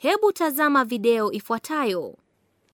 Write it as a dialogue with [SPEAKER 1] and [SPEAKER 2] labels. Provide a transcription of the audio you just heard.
[SPEAKER 1] Hebu tazama video ifuatayo.